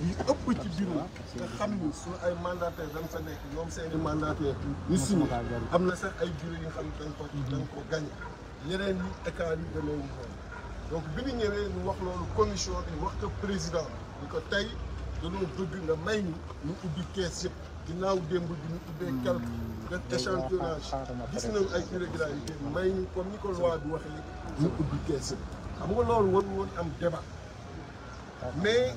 yi ëpp ci bureau nga xam ni suñu ay mandataire dañ fa nekk ñoom seen i mandataire ñu am na sax ay bureau yi nga xam ne dañ ko dañ ko gagné yeneen yi da leen donc bi ñu ñëwee wax loolu commission bi wax ko président bi ko tey dañoo bëgg nga may ñu ñu ubbi kees yëpp ginnaaw démb bi ñu ubbee quelque def échantillonnage gis nañ ay irrégularité may ñu comme ni ko loi bi waxee ñu ubbi kees yëpp xam nga loolu war woon am débat mais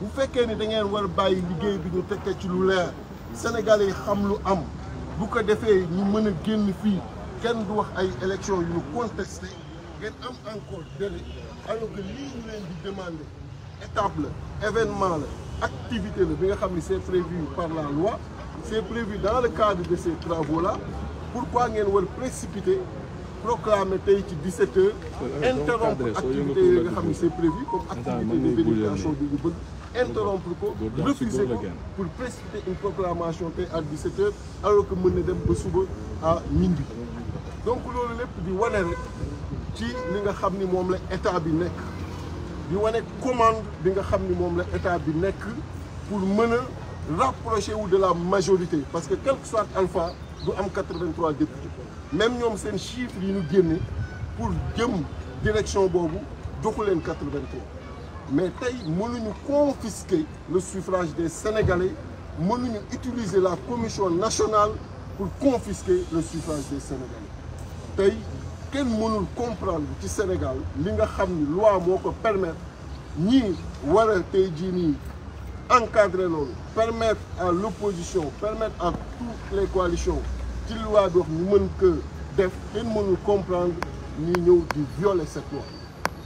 vous faites que vous avez fait le travail de l'église, les Sénégalais savent ce qu'ils ont. Vous avez fait que nous puissions sortir ici. Personne ne doit faire des élections qui nous contestent. Vous avez encore des Alors que ce que nous vous événements, activités, événement, activité, c'est prévu par la loi, c'est prévu dans le cadre de ces travaux-là. Pourquoi vous avez précipiter, proclamer pays 17 h interrompre l'activité c'est prévu comme activité de vérification du gouvernement interrompre ko refuser pour précipiter une proclamation tey à 17h alors que mon na dem suba à minuit donc nous lépp di wane rek ci li nga xam ni moom la état bi nekk di wane commande bi nga ni la état bi pour mën rapprocher de la majorité parce que quel que soit Alpha du am 83 députés même ñoom s'en chiffre yi ñu gagne pour jëm direction boobu joxu leen 83 mais nous nous confisquer le suffrage des Sénégalais nous utiliser la commission nationale pour confisquer le suffrage des Sénégalais que nous mënul comprendre le Sénégal ce que la loi moo permettre ñii war encadrer permettre à l'opposition permettre à toutes les coalitions la loi bi ñu mën comprendre ñi de violer cette loi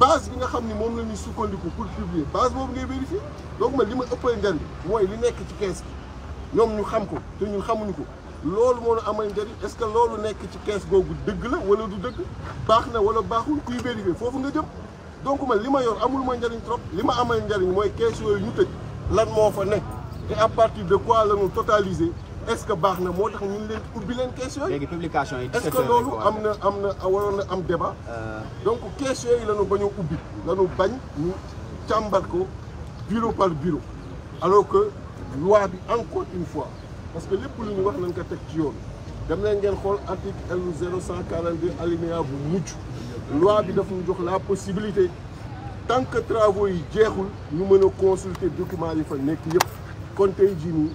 base bi nga xamni mom la ñuy sukkandiku pour publier base bobu ngay vérifier donc man lima ma ëppal moy li nekk ci caisse gi ñom ñu xam ko té ñun xamuñu ko loolu moo la amal njëriñ est-ce que loolu nekk ci caisse gogu deug la wala du deug baax na wala baxul kuy vérifier fofu nga jëm donc man lima yor amul ma njëriñ trop lima ma amal njëriñ mooy kees yooyu ñu tej lan mo fa nekk et à partir de quoi la ñu totaliser est-ce que baax na moo tax ñu leen ubbi leen question yi. publication yi est-ce que lolu amna amna am am débat. Euh. donc question yi lañu bañu a ubbi. lañu bañ ñu tambal ko bureau par bureau. alors que loi bi encore une fois parce que lepp lu ñu wax nañ ko tek ci yoon dem leen ngeen xol article L 0142 alinéa bu mujj. loi bi daf ñu jox la possibilité tant que travaux yi jeexul ñu mëna consulter documents yi fa nekk yëpp kon tey jii nii.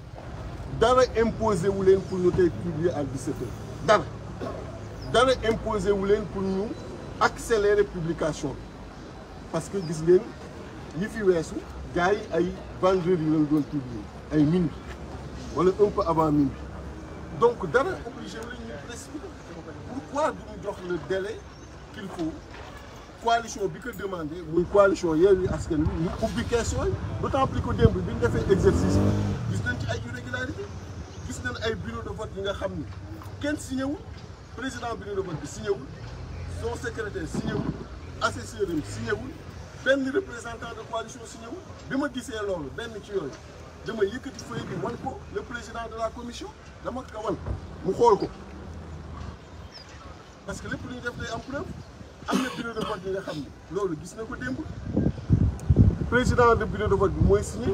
dara imposer ou pour nous publier à 17h dara dara imposer pour nous accélérer publication parce que gis ngeen ñi fi weesu gars a ay vendredi le doon publier ay minuit voilà un peu avant minuit donc dara obliger ou nous ñu précipiter pourquoi nous donner le délai qu'il faut coalition bi que demandé muy coalition a Askan à ce ubbi question publication, d'autant plus que nous bi fait exercice ci ay irrégularité gis nañ ay bureau de vote yi nga xam ni kenn signé wul président bureau de vote bi signé son secrétaire signé wul assesseur yi signé wul benn représentant de coalition signé wul bi ma gisee loolu benn ci yooyu dama yëkkati feuille bi wan ko le président de la commission dama ko wan mu xool ko parce que lépp lu ñu def day am preuve am na bureau de vote yi nga xam ni loolu gis na ko démb président du bureau de vote bi mooy signé.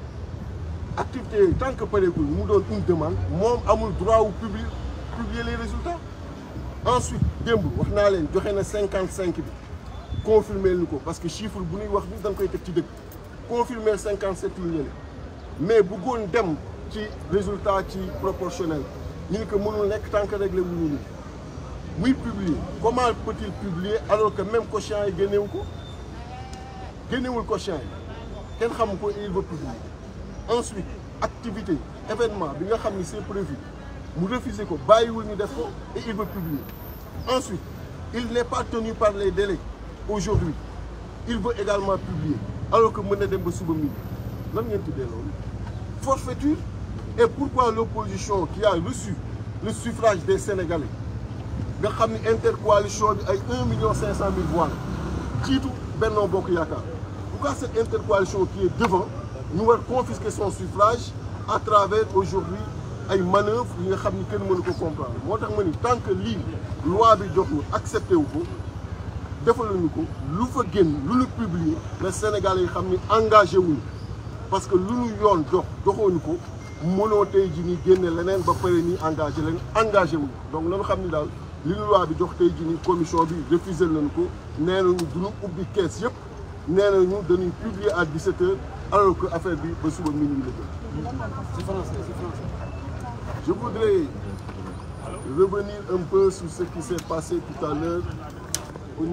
activité tant que pareegul nous donne une demande moom amul droit de publier publier les résultats ensuite dembou, wax naa 55 joxe confirmer le parce que chiffre bu a wax ni dang koy teg ci deug confirmer 5,7 millions. mais bu mais dem ci résultat ci proportionnel ni ne que mënul nek tant que réglé wu publier comment peut-il publier alors que même cochon yi gagné ko génnewul quotient yi kenn ko il veut publier ensuite activité événement bi nga c'est prévu mu refuser ko bàyyiwul ñu def ko et il veut publier ensuite il n'est pas tenu par les délais aujourd'hui il veut également publier alors que mën na dem ba suba ngeen forfaiture et pourquoi l'opposition qui a reçu le suffrage des Sénégalais nga xamni intercoalition bi ay 1 million 500 mille voix qui Benno Bokk yakar pourquoi cette intercoalition qui est devant ñu war confisquer son suffrage à travers aujourd'hui une manœuvre yi nga xam ni kenn mënu ko comprendre ni tant que lii loi bi jox ñu accepté wu ko defaluñu ko lu fa génn lu ñu publier le Sénégalais yi xam engagé parce que lu ñu yoon jox joxooñu ko mënoo tey ji leneen ba paré nii engagé lén engagé wu donc lañu xamni dal daal li loi bi jox tay ji ni commission bi refuser nañu ko nee nañu duñu ubbi kees yëpp nee dañuy publier à 17 h alors que affaire on se voit minimum. la français c'est français je voudrais revenir un peu sur ce qui s'est passé tout à l'heure